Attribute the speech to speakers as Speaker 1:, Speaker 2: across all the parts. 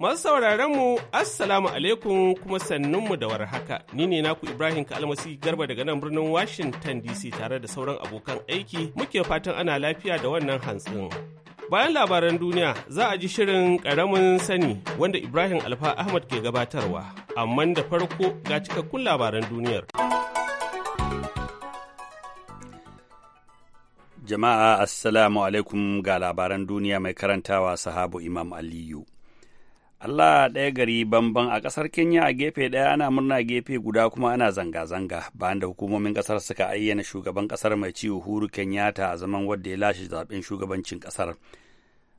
Speaker 1: Masu sauraron mu Assalamu alaikum kuma sannunmu da warhaka. Ni ne naku Ibrahim Kalmasi Garba daga nan birnin Washington DC tare da sauran abokan aiki muke fatan ana lafiya da wannan hantsin. Bayan labaran duniya za a ji shirin ƙaramin sani wanda Ibrahim Alfa Ahmad ke gabatarwa, amma da farko ga cikakkun labaran duniyar.
Speaker 2: Jama'a Assalamu alaikum ga labaran duniya mai karantawa sahabu Imam Aliyu. Allah ɗaya gari bamban a ƙasar Kenya a gefe ɗaya ana murna gefe guda kuma ana zanga-zanga bayan da hukumomin ƙasar suka ayyana shugaban ƙasar mai ci Uhuru Kenyatta a zaman wadda ya lashe zaɓen shugabancin ƙasar.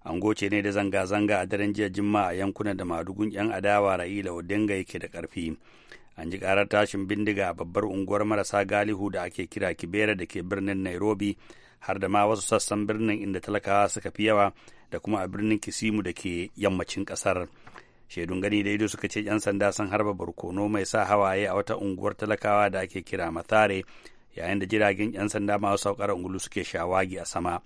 Speaker 2: An goce ne da zanga-zanga a daren jiya Juma a yankunan da madugun 'yan adawa Raila Odinga yake da ƙarfi. An ji ƙarar tashin bindiga a babbar unguwar marasa galihu da ake kira Kibera da ke birnin Nairobi har da ma wasu sassan birnin inda talakawa suka fi yawa da kuma a birnin Kisimu da ke yammacin ƙasar. shaidun gani da ido suka ce 'yan sanda sun harba barkono mai sa hawaye a wata unguwar talakawa da ake kira mathare yayin da jiragen 'yan sanda masu saukar ungulu suke shawagi a sama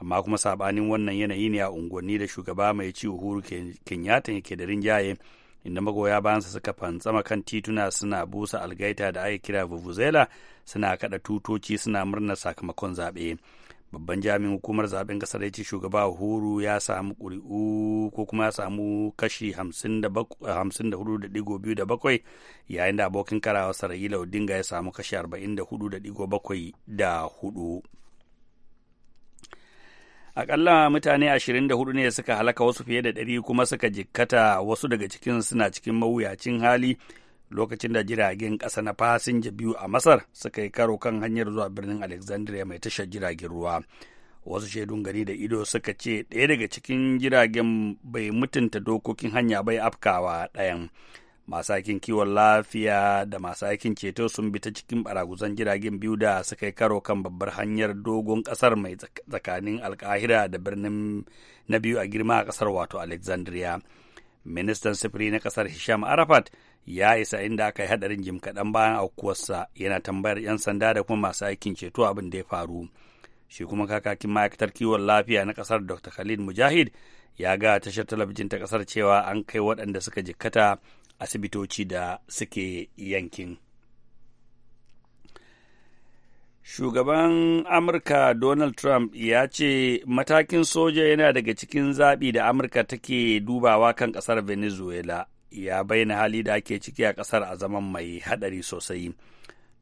Speaker 2: amma kuma sabanin wannan yanayi ne a unguwanni da shugaba mai ci uhuru kenyatta yake da rinjaye inda magoya bayan bayansa suka fantsama kan tituna suna busa algaita da ake kira vuvuzela suna kada tutoci suna murnar sakamakon zaɓe babban jami'in hukumar zaben kasar ya ce shugaba huru ya samu ƙuri'u ko kuma ya samu kashi da bakwai yayin da abokin karawa sarayila odinga ya samu kashi da hudu akalla mutane 24 ne suka halaka wasu fiye da ɗari kuma suka jikkata wasu daga cikin suna cikin mawuyacin hali lokacin da jiragen ƙasa na fasinja biyu a Masar suka yi karo kan hanyar zuwa birnin Alexandria mai tashar jiragen ruwa. Wasu shaidun gani da ido suka ce ɗaya daga cikin jiragen bai mutunta dokokin hanya bai afkawa ɗayan. Masu aikin kiwon lafiya da masu aikin ceto sun bi ta cikin baraguzan jiragen biyu da suka yi karo kan babbar hanyar dogon ƙasar mai tsakanin alkahira da birnin na biyu a girma a ƙasar wato Alexandria. Ministan sufuri na ƙasar Hisham Arafat ya isa inda aka yi hadarin jim kaɗan bayan aukuwarsa yana tambayar 'yan sanda da kuma masu aikin ceto abin da ya faru shi kuma kakakin ma'aikatar kiwon lafiya na ƙasar dr khalid mujahid ya ga tashar talabijin ta ƙasar cewa an kai waɗanda suka jikkata asibitoci da suke yankin shugaban amurka donald trump ya ce matakin soja yana daga cikin zaɓi da amurka take dubawa kan ƙasar venezuela ya bayyana hali da ake ciki a ƙasar a zaman mai haɗari sosai.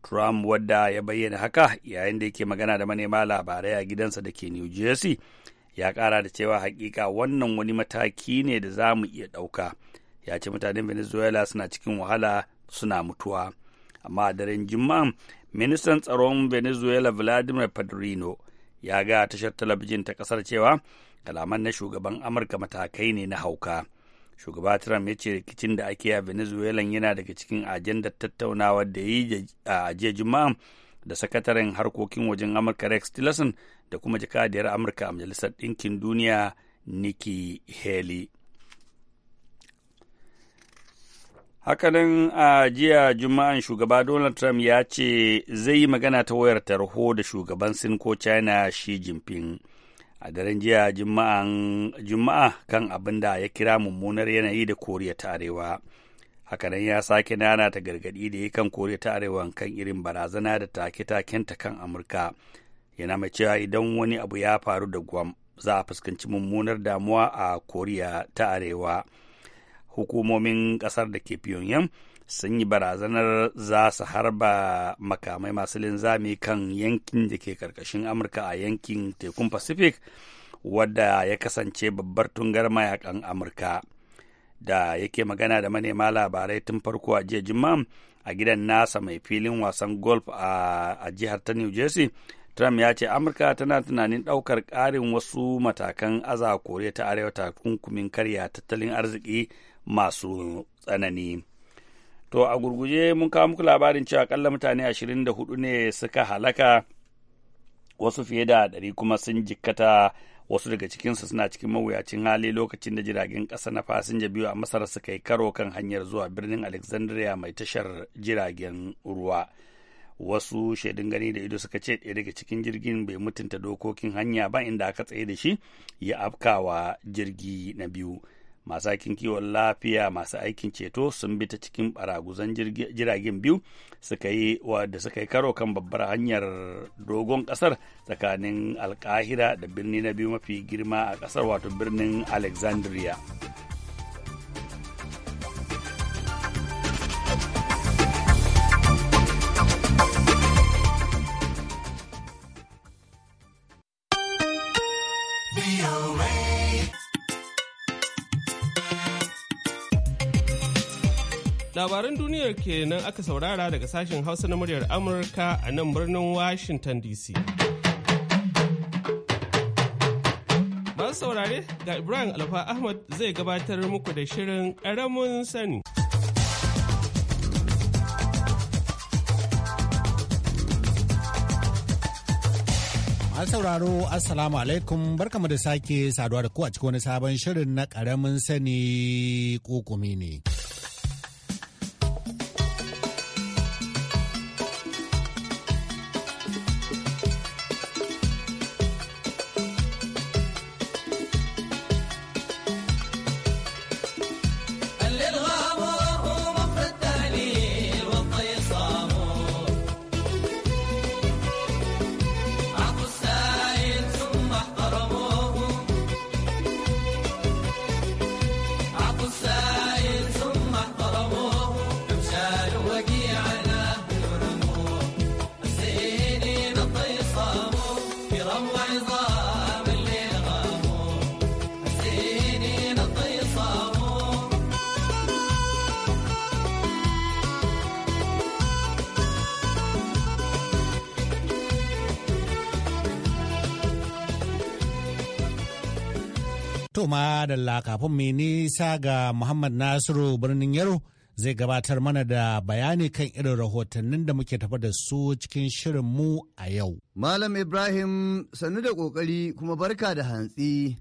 Speaker 2: Trump wadda ya bayyana haka yayin da yake magana da manema labarai a gidansa da ke New Jersey ya ƙara da cewa hakika wannan wani mataki ne da za mu iya ɗauka. Ya ce mutanen Venezuela suna cikin wahala suna mutuwa. Amma a daren Juma'a, ministan tsaron Venezuela Vladimir Padrino ya ga tashar talabijin ta ƙasar cewa kalaman na shugaban Amurka matakai ne na hauka. shugaba trump ya ce rikicin da ake a venezuela yana daga cikin ajandar tattaunawar da yi a jiya juma'a da sakataren harkokin wajen amurka rex tillerson da kuma jakadiyar amurka a majalisar ɗinkin duniya nikki haley hakanan a jiya juma'an shugaba donald trump ya ce zai yi magana ta wayar tarho da shugaban sin ko china shi jinping a daren jiya juma'a kan abin da ya kira mummunar yanayi da koriya ta arewa hakanan ya sake nana ta gargadi da ya kan koriya ta arewa kan irin barazana da take-takenta kan amurka yana mai cewa idan wani abu ya faru da guam za a fuskanci mummunar damuwa a koriya ta arewa hukumomin kasar da ke pyongyang sun yi barazanar za su harba makamai masu linzami kan yankin da ke karkashin amurka a yankin tekun pacific wadda ya kasance babbar tungar mayakan amurka da yake magana da manema labarai tun farko a jiya juma'a a gidan nasa mai filin wasan golf a jihar ta new jersey Trump ya ce Amurka tana tunanin daukar karin wasu matakan aza kore ta arewa takunkumin karya tattalin arziki masu tsanani. To a gurguje mun kawo muku labarin cewa kalla mutane ashirin da hudu ne suka halaka wasu fiye da ɗari kuma sun jikkata wasu daga cikinsu suna cikin mawuyacin hali lokacin da jiragen ƙasa na fasinja biyu a Masar suka yi karo kan hanyar zuwa birnin Alexandria mai tashar jiragen ruwa. Wasu shaidun gani da ido suka ce ɗaya daga cikin jirgin bai mutunta dokokin hanya ba inda aka tsaye da shi ya afkawa jirgi na biyu. masu aikin kiwon lafiya masu aikin ceto sun bi ta cikin baraguzan jiragen biyu suka yi da suka yi karo kan babbar hanyar dogon kasar tsakanin alkahira da birni na biyu mafi girma a kasar wato birnin alexandria
Speaker 1: Labaran duniyar kenan aka saurara daga sashen Hausa na muryar Amurka a nan birnin Washington DC. Masu saurare ga Ibrahim Alfa Ahmad zai gabatar muku da shirin karamin sani. An sauraro
Speaker 2: Assalamu alaikum barkamu da sake saduwa da ku a cikin wani sabon shirin na ƙaramin sani
Speaker 3: kokumi ne.
Speaker 2: To ma da kafin mai nisa ga Muhammad Nasiru birnin Yaro zai gabatar mana da bayani kan irin rahotannin
Speaker 4: da muke tafa da su cikin shirin mu a yau. Malam Ibrahim sannu da kokari kuma barka da hantsi.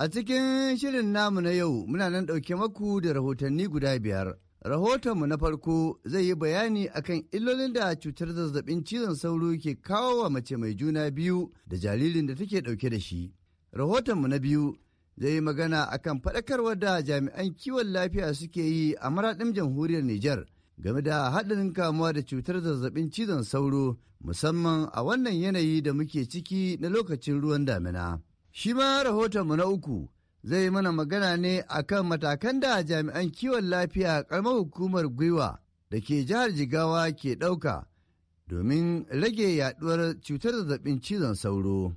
Speaker 4: A cikin shirin namu na yau muna nan ɗauke maku da rahotanni guda biyar. Rahotonmu na farko zai yi bayani akan illolin da cutar zazzabin cizon sauro ke kawo wa mace mai juna biyu da jaririn da take ɗauke da shi. Rahotonmu na biyu zai yi magana a kan faɗakarwar da jami'an kiwon lafiya suke yi a maraɗin jamhuriyar Nijar game da haɗarin kamuwa da cutar zazzabin cizon sauro musamman a wannan yanayi da muke ciki na lokacin ruwan damina. Shi ma rahotonmu na uku zai yi mana magana ne a kan matakan da jami'an kiwon lafiya ƙaramar hukumar gwiwa da ke jihar Jigawa ke ɗauka domin rage yaɗuwar cutar zazzabin cizon sauro.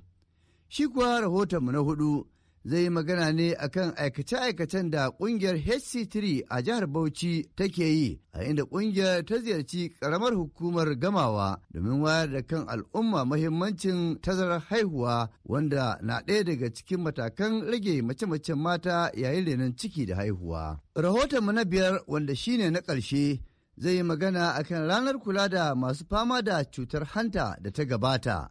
Speaker 4: Shi kuwa rahotonmu na hudu zai yi magana ne akan aikace-aikacen da kungiyar HC3 a jihar Bauchi take yi a inda kungiyar ta ziyarci karamar hukumar gamawa domin wayar da kan al'umma mahimmancin tazarar haihuwa wanda na ɗaya daga cikin matakan rage mace-macen mata yayin renon ciki da haihuwa. Rahotonmu na biyar wanda shine na ƙarshe zai yi magana akan ranar kula da masu fama da cutar hanta da ta gabata.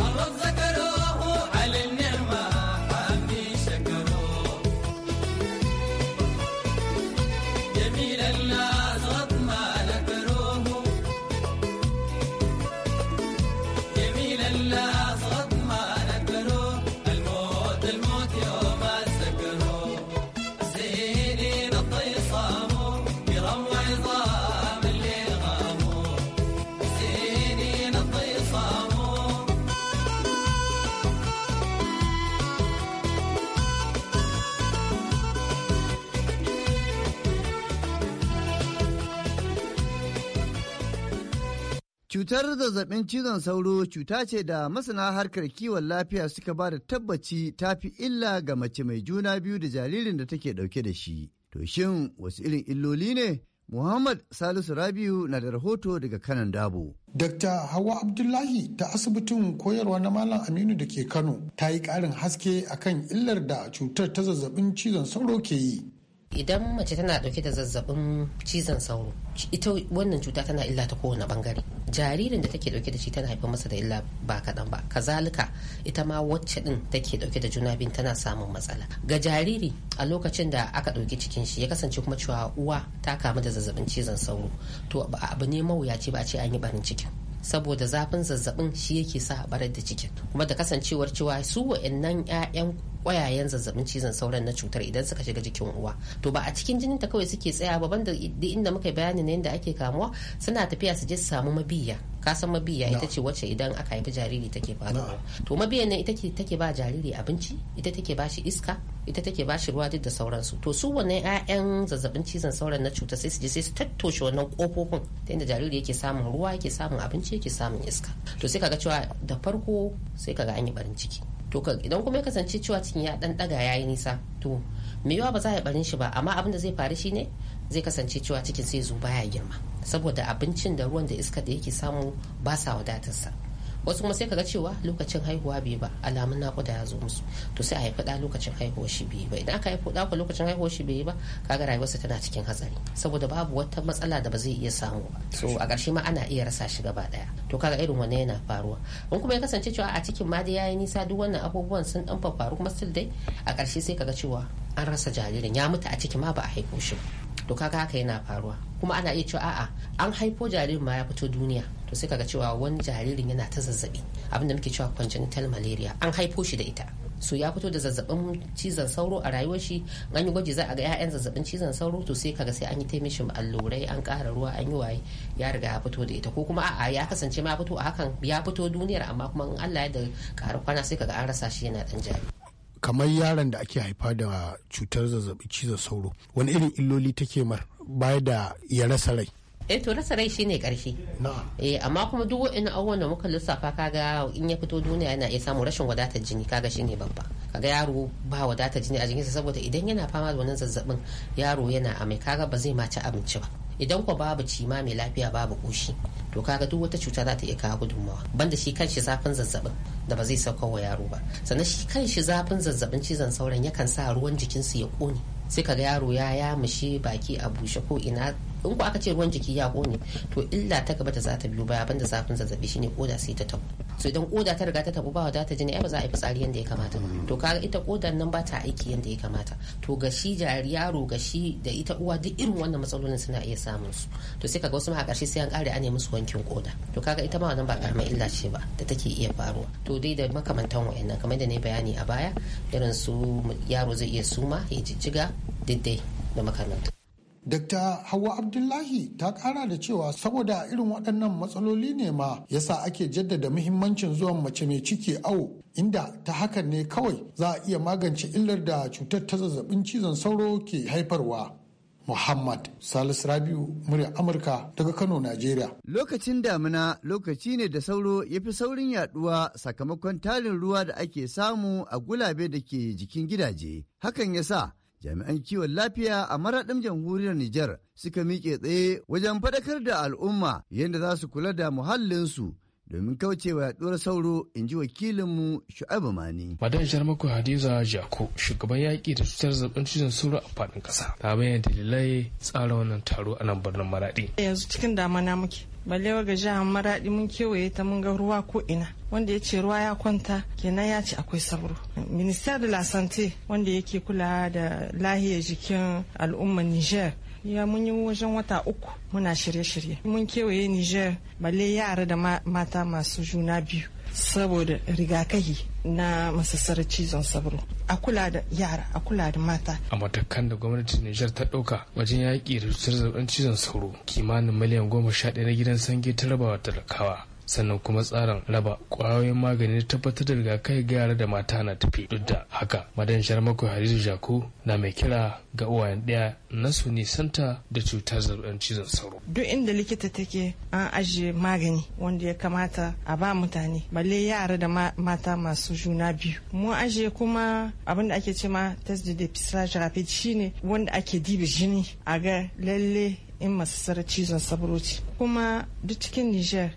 Speaker 4: Cutar zazzabin cizon sauro cuta ce da masana harkar kiwon lafiya suka ba da tabbaci ta fi illa ga mace mai juna biyu da jaririn da take dauke da shi. To shin wasu irin illoli ne? Muhammad Salisu Rabiu na da rahoto daga kanan dabo. Dr. Hawa Abdullahi ta asibitin koyarwa na Malam Aminu da ke Kano
Speaker 5: ta yi ƙarin haske akan illar da cutar ta zazzabin cizon sauro ke yi. idan mace tana dauke da zazzabin cizon sauro ita wannan cuta tana illa ta kowane bangare jaririn da take dauke da shi tana haifar masa da illa ba kaɗan ba kazalika ita ma wacce din take dauke da juna biyu tana samun matsala ga jariri a lokacin da aka dauki cikin shi ya kasance kuma cewa uwa ta kamu da zazzabin cizon sauro to abu ne mawuyaci ba ce an yi barin cikin saboda zafin zazzabin shi yake sa barar da cikin kuma da kasancewar cewa su wa'annan 'ya'yan kwayayen zazzabin cizon sauran na cutar idan suka shiga jikin uwa to ba a cikin jinin ta kawai suke tsaya ba banda inda muka bayani na yadda ake kamuwa suna tafiya su je su samu mabiya ka san mabiya ita ce wacce idan aka haifi jariri take faruwa to mabiya ne ita take ba jariri abinci ita take ba shi iska ita take ba shi ruwa duk da sauransu to su wannan ƴaƴan zazzabin cizon sauran na cuta sai su je sai su tattoshe wannan kofofin ta inda jariri yake samun ruwa yake samun abinci yake samun iska to sai kaga cewa da farko sai kaga an yi barin ciki to idan kuma ya kasance cewa cikin ya dan daga yayi nisa to me yawa ba za a yi barin shi ba amma abin da zai faru shine zai kasance cewa cikin sai zo baya girma saboda abincin da ruwan da iska da yake samu ba sa wadatarsa wasu kuma sai kaga cewa lokacin haihuwa bai ba alamun nakuda ya zo musu to sai a haifi da lokacin haihuwa shi bai ba idan aka haifi da ku lokacin haihuwa shi bai ba kaga rayuwarsa tana cikin hatsari saboda babu wata matsala da ba zai iya samu ba so a ƙarshe ma ana iya rasa shi gaba daya to kaga irin wannan yana faruwa in kuma ya kasance cewa a cikin ma da yayi nisa duk wannan abubuwan sun dan faru kuma still dai a ƙarshe sai kaga cewa an rasa jaririn ya mutu a ciki ma ba a haifo shi ba to kaga haka yana faruwa kuma ana iya cewa a'a an haifo jaririn ma ya fito duniya to sai kaga cewa wani jaririn yana ta zazzabi abin da muke cewa congenital malaria an haifo shi da ita so ya fito da zazzabin cizon sauro a rayuwar shi an yi gwaji za a ga 'ya'yan zazzabin cizon sauro to sai kaga sai an yi taimishin allurai an kara ruwa an yi waye ya riga ya fito da ita ko kuma a'a ya kasance ma ya fito a hakan ya fito duniyar amma kuma in Allah ya da ƙara kwana sai kaga an rasa shi yana dan jari
Speaker 6: kamar yaron da ake haifa da cutar zazzabi cizon sauro wani irin illoli take mar baya da ya rasa rai
Speaker 5: eh to rasa rai shine karshe eh amma kuma duk wani abubuwan da muka lissafa kaga in ya fito duniya yana iya samu rashin wadatar jini kaga shine babba kaga yaro ba wadatar jini a jikinsa saboda idan yana fama da wannan zazzabin yaro yana amai kaga ba zai ma abinci ba idan ko babu cima mai lafiya babu ƙoshi to kaga duk wata cuta za ta iya kawo gudunmawa banda shi kanshi zafin zazzabin da ba zai sauka wa yaro ba sannan shi kanshi zafin zazzabin cizon sauran yakan sa ruwan jikinsu ya ƙone sai kaga yaro ya yamushe baki a bushe ko ina in ku aka ce ruwan jiki ya kone to illa ta gaba da za ta biyo baya banda zafin zazzabi shine koda sai ta tabu so idan koda ta riga ta tabu ba wadata jini ai ba za a yi fitsari yanda ya kamata to kaga ita kodan nan ba ta aiki yanda ya kamata to ga shi jari yaro ga shi da ita uwa duk irin wannan matsalolin suna iya samun su to sai kaga wasu ma a ƙarshe sai an ƙare an musu wankin koda to kaga ita ma wannan ba karamar illa ce ba da take iya faruwa to dai da makamantan wayannan kamar da ne bayani a baya irin su yaro zai iya suma ya jijjiga dai da makamanta
Speaker 7: Dr. Hawa Abdullahi ta kara da cewa saboda irin waɗannan matsaloli ne ma ya sa ake jaddada muhimmancin zuwan mace mai ciki awo inda ta hakan ne kawai za a iya magance illar da cutar ta zazzabin cizon sauro ke haifarwa.
Speaker 4: Muhammad Salisu Rabiu murya Amurka daga
Speaker 1: Kano, Najeriya.
Speaker 4: Lokacin damina lokaci ne da sauro ya fi saurin yaduwa sakamakon tarin ruwa da ake samu a gulabe da ke jikin gidaje. Hakan ya sa jami'an kiwon lafiya a maraɗin jamhuriyar Nijar suka miƙe tsaye wajen faɗakar da al'umma yadda za su kula da muhallinsu domin kaucewa yaduwar sauro in ji wakilinmu shu'abu mani. madan
Speaker 6: jarmako hadiza jako shugaban yaƙi da cutar zazzabin cizon sauro a faɗin ƙasa ta bayyana dalilai tsara wannan taro a nan birnin maraɗi.
Speaker 8: yanzu cikin damana muke balewa ga jihar maraɗi mun kewaye ta mun ga ruwa ko ina wanda ya ce ruwa ya kwanta kenan ya ce akwai sauro minister de la sante wanda yake kula da lahiyar jikin al'ummar niger ya mun yi wajen wata uku muna shirye-shirye mun kewaye niger balle yara da mata masu juna biyu saboda rigakahi na masassarar cizon sabro a kula da yara a kula da mata
Speaker 6: a matakan da gwamnati niger ta ɗauka wajen yaƙi da cutar zaɓen cizon sauro kimanin miliyan goma sha ɗaya na gidan sange ta rabawa talakawa sannan kuma tsarin raba kwayoyin magani da tabbatar da rigakafi ga yara da mata na tafi duk da haka madan sharmako harisu jako na mai kira ga uwayen Daya na su santa da cutar zazzabin cizon sauro
Speaker 8: duk inda likita take an ajiye magani wanda ya kamata a ba mutane balle yara da mata masu juna biyu mu ajiye kuma abin da ake ce ma test de dépistage rapide shine wanda ake diba jini a ga lalle in masu sarar cizon sabroci kuma duk cikin niger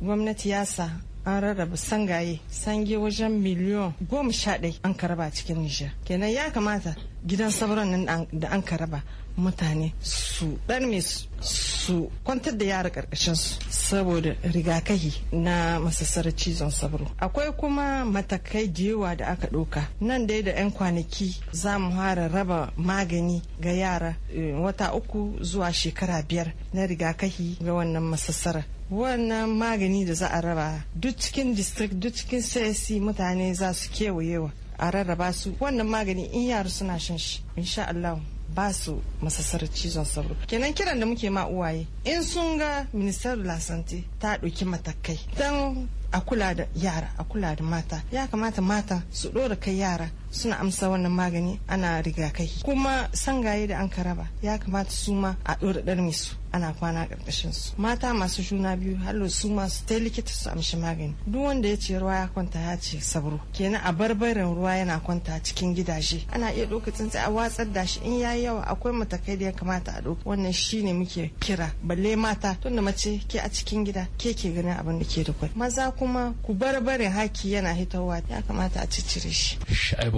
Speaker 8: gwamnati ya sa an rarraba sangaye sange wajen miliyon goma sha ɗai an karaba cikin nijar kenan ya kamata gidan sauran nan da an karaba mutane su ɗan mai su kwantar da yara ƙarƙashin su saboda rigakahi na masasar cizon sabro akwai kuma matakai da yawa da aka ɗauka nan dai da 'yan kwanaki za mu fara raba magani ga yara eh, wata uku zuwa shekara biyar na rigakahi ga wannan masasarar wannan magani da za a raba duk cikin district duk cikin csc mutane za su kewayewa a rarraba su wannan magani in yara suna shan shi insha Allah ba su masasar cizon sauro kenan kiran da muke ma uwaye in sun ga ministar lasante ta ɗauki matakai don a kula da yara a kula da mata ya kamata mata su ɗora kai yara suna amsa wannan magani ana rigakafi kuma sangaye da an karaba ya kamata su ma a ɗora su ana kwana ƙarƙashin su mata masu juna biyu hallo su masu ta likita su amshi magani duk wanda ya ce ruwa ya kwanta ya ce sabro kenan a barbarin ruwa yana kwanta cikin gidaje ana iya ɗauka tsintsi a watsar da shi in yayi yawa akwai matakai da ya kamata a ɗauka wannan shine muke kira balle mata tunda mace ke a cikin gida ke ke ganin abin da ke da kwai maza kuma ku barbarin haki yana hitowa ya kamata a ciccire shi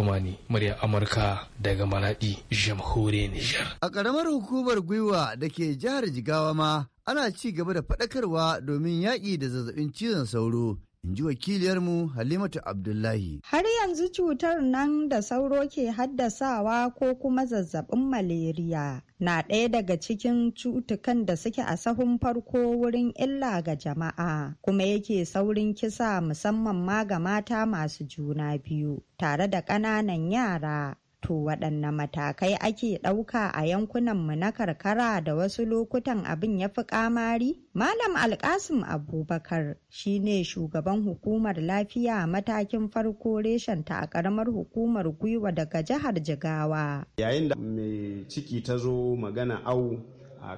Speaker 6: Romani murya Amurka daga Maladi Jamhuriyar Nijar.
Speaker 4: A ƙaramar hukumar gwiwa da ke jihar Jigawa ma ana ci gaba da faɗakarwa domin yaƙi da zazzabin cizon sauro in ji wakiliyarmu Halimatu Abdullahi.
Speaker 8: Har yanzu cutar nan da sauro ke haddasawa ko kuma zazzabin maleriya na ɗaya daga cikin cutukan da suke a sahun farko wurin illa ga jama'a kuma yake saurin kisa musamman ma ga mata masu juna biyu tare da ƙananan yara. To waɗanne matakai ake ɗauka a yankunanmu na karkara da wasu lokutan abin ya fi ƙamari? Malam Alkasim Abubakar shi ne shugaban hukumar lafiya matakin farko reshen ta a ƙaramar hukumar gwiwa daga jihar Jigawa.
Speaker 9: Yayin da mai ciki ta zo magana au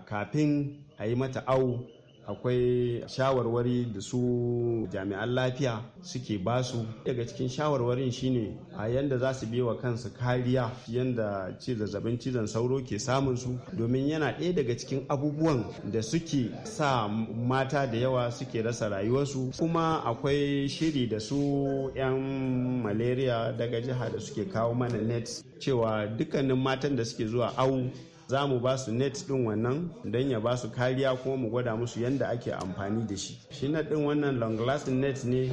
Speaker 9: kafin a yi mata au akwai shawarwari da su jami'an lafiya suke basu daga cikin shawarwarin shine a yanda za su wa kansu kariya yanda ce zazzabin cizon sauro ke samun su domin yana ɗaya daga cikin abubuwan da suke sa mata da yawa suke rasa rayuwarsu kuma akwai shiri da su 'yan malaria daga jiha da suke kawo mana net cewa dukkanin matan da suke zuwa awu za mu ba su net ɗin wannan don ya ba su kariya kuma mu gwada musu yadda ake amfani da shi shi na ɗin wannan long lasting net ne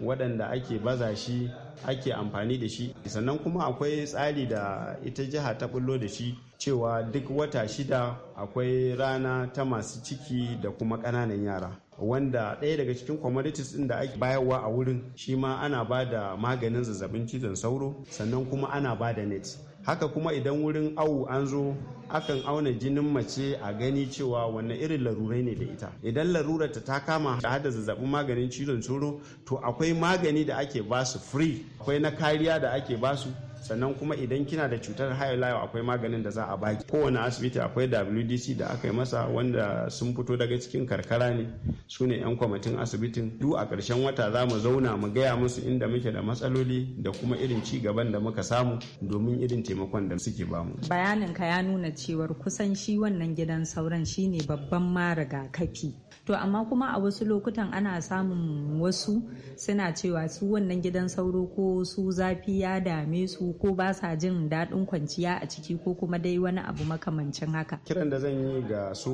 Speaker 9: waɗanda ake baza shi ake amfani da shi sannan kuma akwai tsari da ita jiha ta bullo da shi cewa duk wata shida akwai rana ta masu ciki da kuma ƙananan yara wanda ɗaya daga cikin commodities ɗin da ake bayarwa a wurin shi ma ana ba da maganin zazzabin cizon sauro sannan kuma ana ba da net haka kuma idan wurin awu an zo akan auna jinin mace a gani cewa wanne irin larurai ne da ita idan larurar ta ta kama da hada zazzabin maganin cizon sauro to akwai magani da ake basu free akwai na kariya da ake basu sannan kuma idan kina da cutar hayalayo akwai maganin da za a baki kowane asibiti akwai wdc da aka yi masa wanda sun fito daga cikin karkara ne su ne 'yan kwamitin asibitin duk a ƙarshen wata za mu zauna mu gaya musu inda muke da matsaloli da kuma irin ci gaban da muka samu domin irin taimakon da suke bamu
Speaker 5: bayanin ka ya nuna cewar kusan shi wannan gidan sauran shine babban ma rigakafi to amma kuma a wasu lokutan ana samun wasu suna cewa su wannan gidan sauro ko su zafi ya dame su ko ba sa jin daɗin kwanciya a ciki ko kuma dai wani abu makamancin
Speaker 8: haka
Speaker 9: kiran da zan yi ga su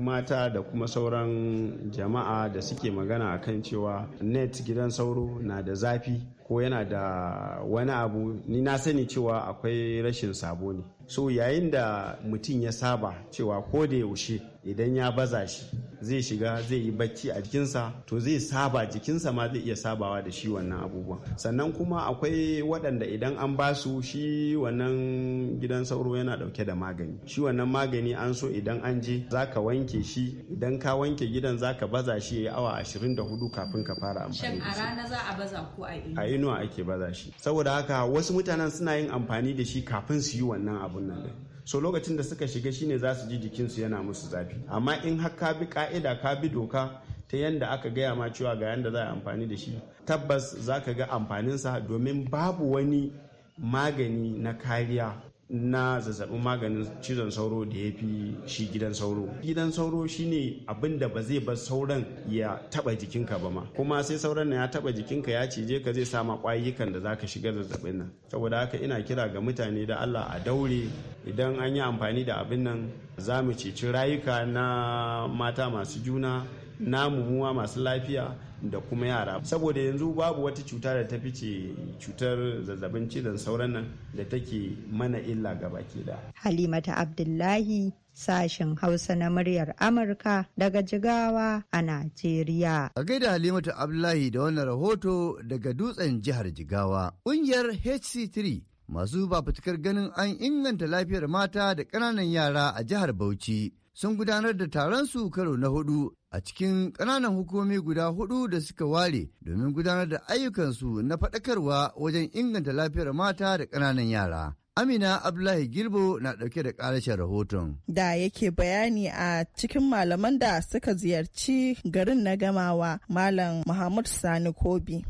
Speaker 9: mata da kuma sauran jama'a da suke magana kan cewa net gidan sauro na da zafi ko yana da wani abu ni na sani cewa akwai rashin sabo ne so yayin da mutum ya saba cewa ko da yaushe idan ya baza shi zai shiga zai yi bacci a jikinsa to zai saba jikinsa ma zai iya sabawa da shi wannan abubuwan sannan kuma akwai waɗanda idan an ba su shi wannan gidan sauro yana ɗauke da magani shi wannan magani an so idan an je za ka wanke shi idan ka wanke gidan za ka baza shi ya yi awa 24 kafin ka fara amfani da
Speaker 5: shi. za a baza ko a
Speaker 9: inuwa? ake baza shi saboda haka wasu mutanen suna yin amfani da shi kafin su yi wannan abun nan so lokacin da suka shiga shine za su ji jikinsu yana musu zafi amma in har ka bi ka'ida ka bi doka ta yanda aka gaya ma cewa ga yanda za a amfani da shi tabbas za ka ga amfaninsa domin babu wani magani na kariya na zazzabin maganin cizon sauro da ya fi shi gidan sauro gidan sauro shine abin da ba zai bar sauran ya taba jikinka ba ma kuma sai sauran na ya taba jikinka ya cije ka zai sama kwayikan da zaka shiga zazzabin nan saboda haka ina kira ga mutane da Allah a daure idan an yi amfani da abin nan za mu ceci rayuka na mata masu juna na mumuwa masu lafiya da kuma yara saboda yanzu babu wata cuta da ta fice cutar zazzabin cizon sauran nan da take mana illa ga baki da
Speaker 8: halimata abdullahi sashen hausa na muryar amurka daga jigawa a najeriya
Speaker 4: a gaida halimata abdullahi da wannan rahoto daga dutsen jihar jigawa ƙungiyar hc3 masu fafutukar ganin an inganta lafiyar mata da ƙananan yara a jihar bauchi sun gudanar da taron su karo na hudu a cikin ƙananan hukumomi guda hudu da suka ware domin gudanar da ayyukansu na faɗakarwa wajen inganta lafiyar mata da ƙananan yara. Amina Abdullahi Gilbo na ɗauke da ƙarashin rahoton.
Speaker 8: Da yake bayani a cikin malaman da suka ziyarci garin na gamawa Malam Muhammad Sani Kobi.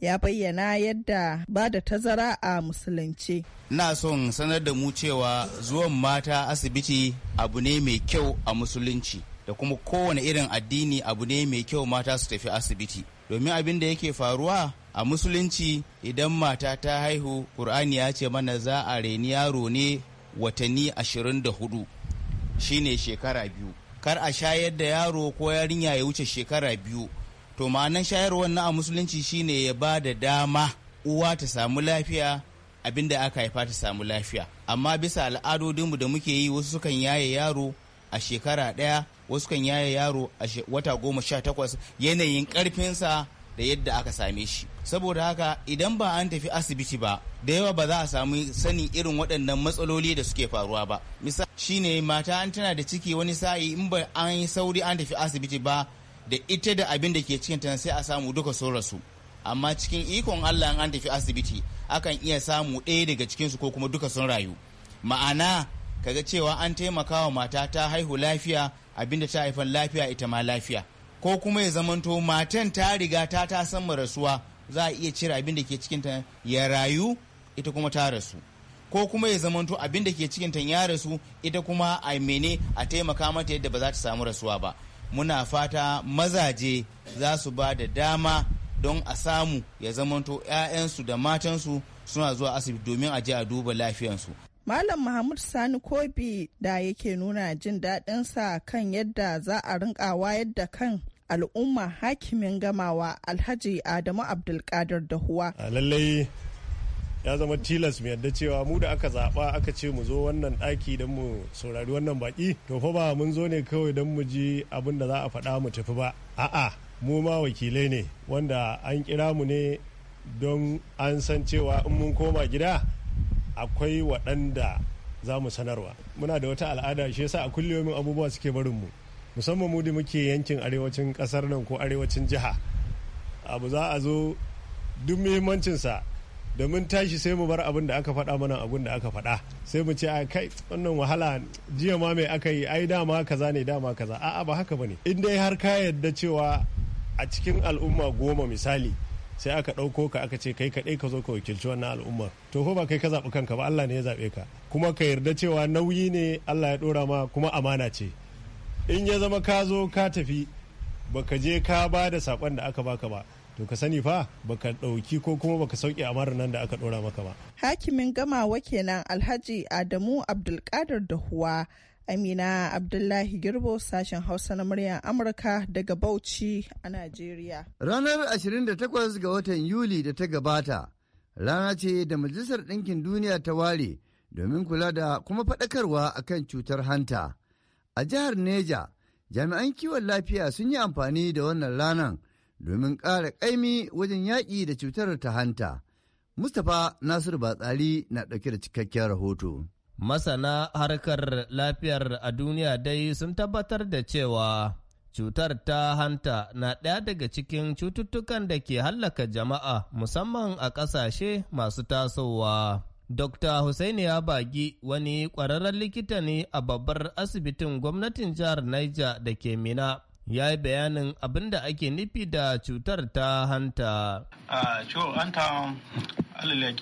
Speaker 8: Ya bayyana yadda ba da tazara a musulunci.
Speaker 10: Na son sanar da mu cewa zuwan mata asibiti abu ne mai kyau a musulunci. da kuma kowane irin addini abu ne mai kyau mata su tafi asibiti domin abin da yake faruwa a musulunci idan mata ta haihu ƙur'ani ya ce mana za a reni yaro ne watanni ashirin da hudu shine shekara biyu kar a shayar da yaro ko yarinya ya wuce shekara biyu to ma'anan shayarwar na a musulunci shine ya ba da dama uwa ta samu lafiya abinda aka haifa ta samu lafiya amma bisa al'adodinmu da muke yi wasu sukan yaye yaro a shekara ɗaya wasu kan yaye yaro a wata goma sha takwas yanayin ƙarfinsa da yadda aka same shi saboda haka idan ba an tafi asibiti ba da yawa ba za a sami sani irin waɗannan matsaloli da suke faruwa ba misali shine mata an tana da ciki wani sa'i in ba an yi sauri an tafi asibiti ba da ita da abin da ke cikin ta sai a samu duka sun rasu amma cikin ikon Allah an tafi asibiti akan iya samu ɗaya daga cikinsu ko kuma duka sun rayu ma'ana kaga cewa an taimaka wa mata ta haihu lafiya abinda ta haifan lafiya ita ma lafiya ko kuma ya zamanto matan ta riga ta ta san rasuwa za a iya cire abin da ke cikinta ya rayu ita kuma ta rasu ko kuma ya zamanto abin da ke cikinta ya rasu ita kuma a mene a taimaka mata yadda ba za ta samu rasuwa ba muna fata mazaje za su ba da dama don a samu ya zamanto 'ya'yansu da matansu suna zuwa asibiti domin a je a duba lafiyansu
Speaker 8: Malam Muhammad Sani Kobi da yake nuna jin daɗinsa kan yadda za a rinka wayar da kan al'umma hakimin gamawa Alhaji Adamu Abdulkadir Dahuwa.
Speaker 11: Lallai ya zama tilas mu yadda cewa mu da aka zaɓa aka ce mu zo wannan ɗaki don mu saurari wannan baƙi to fa ba mun zo ne kawai don mu ji abin da za a faɗa mu tafi ba a'a mu ma wakilai ne wanda an kira mu ne don an san cewa in mun koma gida akwai waɗanda za mu sanarwa muna da wata al'ada shi yasa a kulliyomin abubuwa suke barin mu musamman mu da muke yankin arewacin ƙasar nan ko arewacin jiha abu za a zo duk muhimmancinsa da mun tashi sai mu bar abin da aka faɗa mana abin da aka faɗa sai mu ce a kai wannan wahala jiya ma mai aka yi ai dama kaza ne dama kaza a'a ba haka bane in dai har ka yadda cewa a cikin al'umma goma misali sai aka ɗauko ka aka ce kai kaɗai ka zo ka wakilci wannan al'ummar to ko ba kai ka zaɓi kanka ba Allah ne ya zaɓe ka kuma ka yarda cewa nauyi ne Allah ya ɗora ma kuma amana ce in ya zama ka zo ka tafi baka je ka ba da sakon da aka baka ba to ka sani fa baka ɗauki ko kuma baka sauke amarin nan da aka ɗora maka ba.
Speaker 8: Hakimin gamawa kenan Alhaji Adamu Abdulkadir Dahuwa Amina Abdullahi Girbo sashen Hausa na muryar Amurka daga Bauchi a Najeriya.
Speaker 4: Ranar 28 ga watan Yuli da ta gabata, rana ce da Majalisar Ɗinkin Duniya ta ware domin kula da kuma faɗakarwa akan cutar hanta. A jihar Neja, jami'an kiwon lafiya sun yi amfani da wannan ranar domin ƙara ƙaimi wajen yaƙi da cutar ta hanta. Mustapha Nasiru Batsali na ɗauke da cikakken rahoto.
Speaker 3: Masana harkar lafiyar a duniya dai sun tabbatar da cewa cutar ta hanta na ɗaya daga cikin cututtukan da ke hallaka jama'a musamman a ƙasashe masu tasowa. Dr. Hussaini Abagi wani ƙwararren likita ne a babbar asibitin gwamnatin jihar Niger da ke Mina. Ya yi bayanin abin da ake nufi da cutar ta hanta.
Speaker 7: A ah, hanta, alal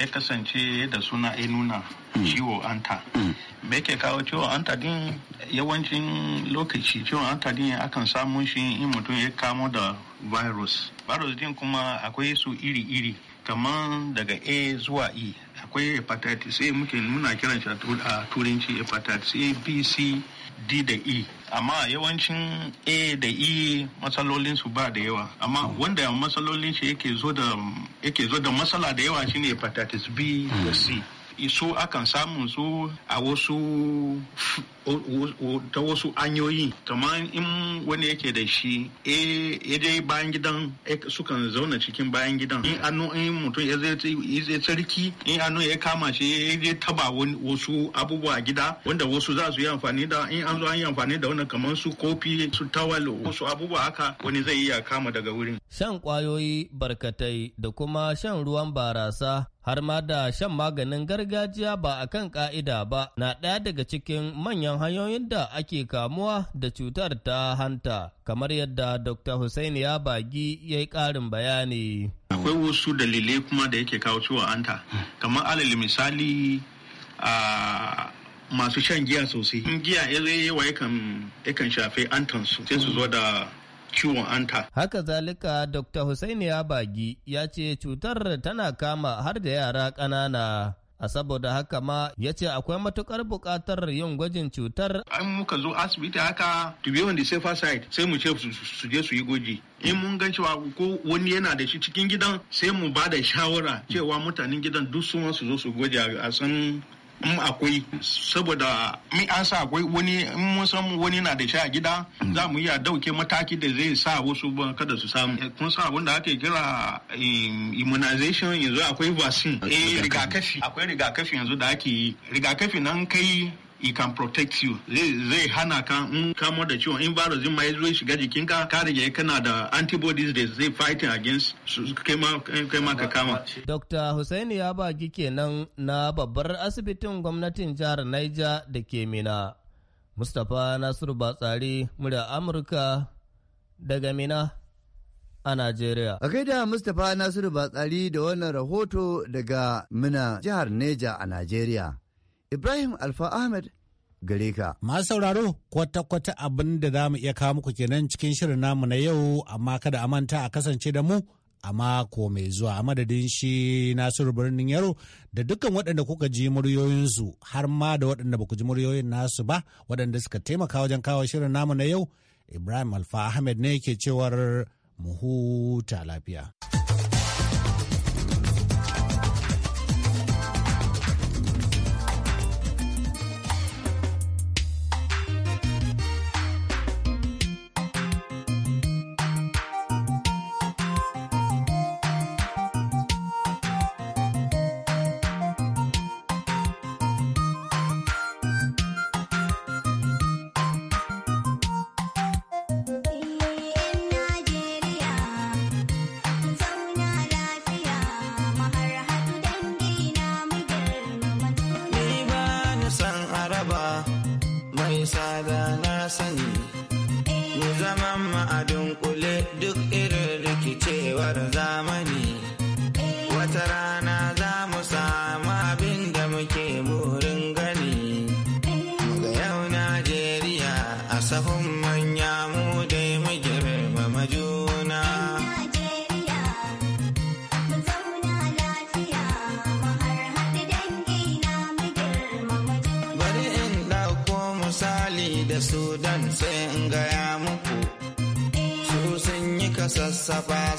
Speaker 7: ya kasance da suna ya nuna mm. ciwo anta mm. me ke kawo ciwo anta din yawancin lokaci ciwon anta din akan samun shi in mutum ya kamo da virus virus din kuma akwai su iri-iri kamar daga a zuwa e akwai hepatitis a muke muna kiran shi a turanci hepatitis a b c D da E amma yawancin A da E matsalolin su ba da yawa amma wanda matsalolin shi yake zo da matsala da yawa shine hepatitis B da C su akan samun su a wasu ta wasu anyoyi kamar in wani yake da shi eh, ya je bayan gidan eh, sukan zauna cikin bayan gidan in anu in mutum ya zai tsarki in anu ya kama shi ya je taba wasu abubuwa gida wanda wasu za su yi amfani da in an zo an yi amfani da wani kamar su kofi su tawal wasu abubuwa haka wani zai iya kama daga wurin
Speaker 3: shan kwayoyi barkatai da kuma shan ruwan barasa har ma da shan maganin gargajiya ba a kan ƙa'ida ba na ɗaya daga cikin manyan hanyoyin da ake kamuwa da cutar ta hanta kamar yadda dr hussein ya bagi ya yi ƙarin bayani
Speaker 7: akwai wasu dalilai kuma da yake kawo ciwon hanta kamar alal misali a masu shan giya sosai in giya ya zai wa yakan shafe hantansu sai su zo da
Speaker 3: ciwon anta. Haka zalika Dr. Hussaini bagi ya ce cutar tana kama har da yara ƙanana. a saboda haka ma ya ce akwai matukar buƙatar yin gwajin cutar.
Speaker 7: An muka zo asibiti haka to be on the safer side sai mu ce su je su yi gwaji. In mun gan cewa ko wani yana da shi cikin gidan sai mu ba da shawara cewa mutanen gidan duk su zo su gwaji a san in akwai saboda mi an sa akwai wani in mun san wani na da shi a gida mm. za mu iya dauke mataki da zai sa wasu kada su samu eh, kun sa abin da ake kira immunization yanzu akwai vaccine eh rigakafi akwai rigakafi yanzu da ake yi rigakafi nan kai it can protect you zai hana ka in kamo da ciwon in virus ma ya zo shiga jikin ka rage kana da antibodies da zai fight against kai ma ka kama
Speaker 3: Dr. Hussaini ya baki kenan na babbar asibitin gwamnatin jihar Niger da ke Mina Mustapha Nasiru Batsari murya Amurka daga Mina a Najeriya. A
Speaker 4: gaida Mustapha Nasiru Batsari da wannan rahoto daga Mina jihar Neja a Najeriya. Ibrahim Alfa Ahmed gare ka. Masu sauraro kwata-kwata abin da za mu iya kawo muku kenan cikin shirin namu na
Speaker 2: yau amma kada a manta a kasance da mu a mako mai zuwa a madadin shi nasiru birnin yaro da dukkan waɗanda kuka ji muryoyinsu har ma da waɗanda ba ku ji muryoyin nasu ba waɗanda suka taimaka wajen kawo shirin namu na yau ibrahim alfa ahmed ne ke
Speaker 3: cewar mu huta lafiya.